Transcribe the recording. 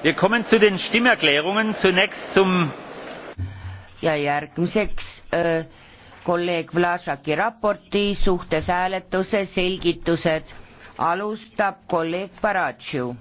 Wir kommen zu den Stimmerklärungen. Zunächst zum ja järgmiseks äh, kolleeg Vlašaki raporti suhtes hääletuse selgitused. alustab kolleeg Baratšiu.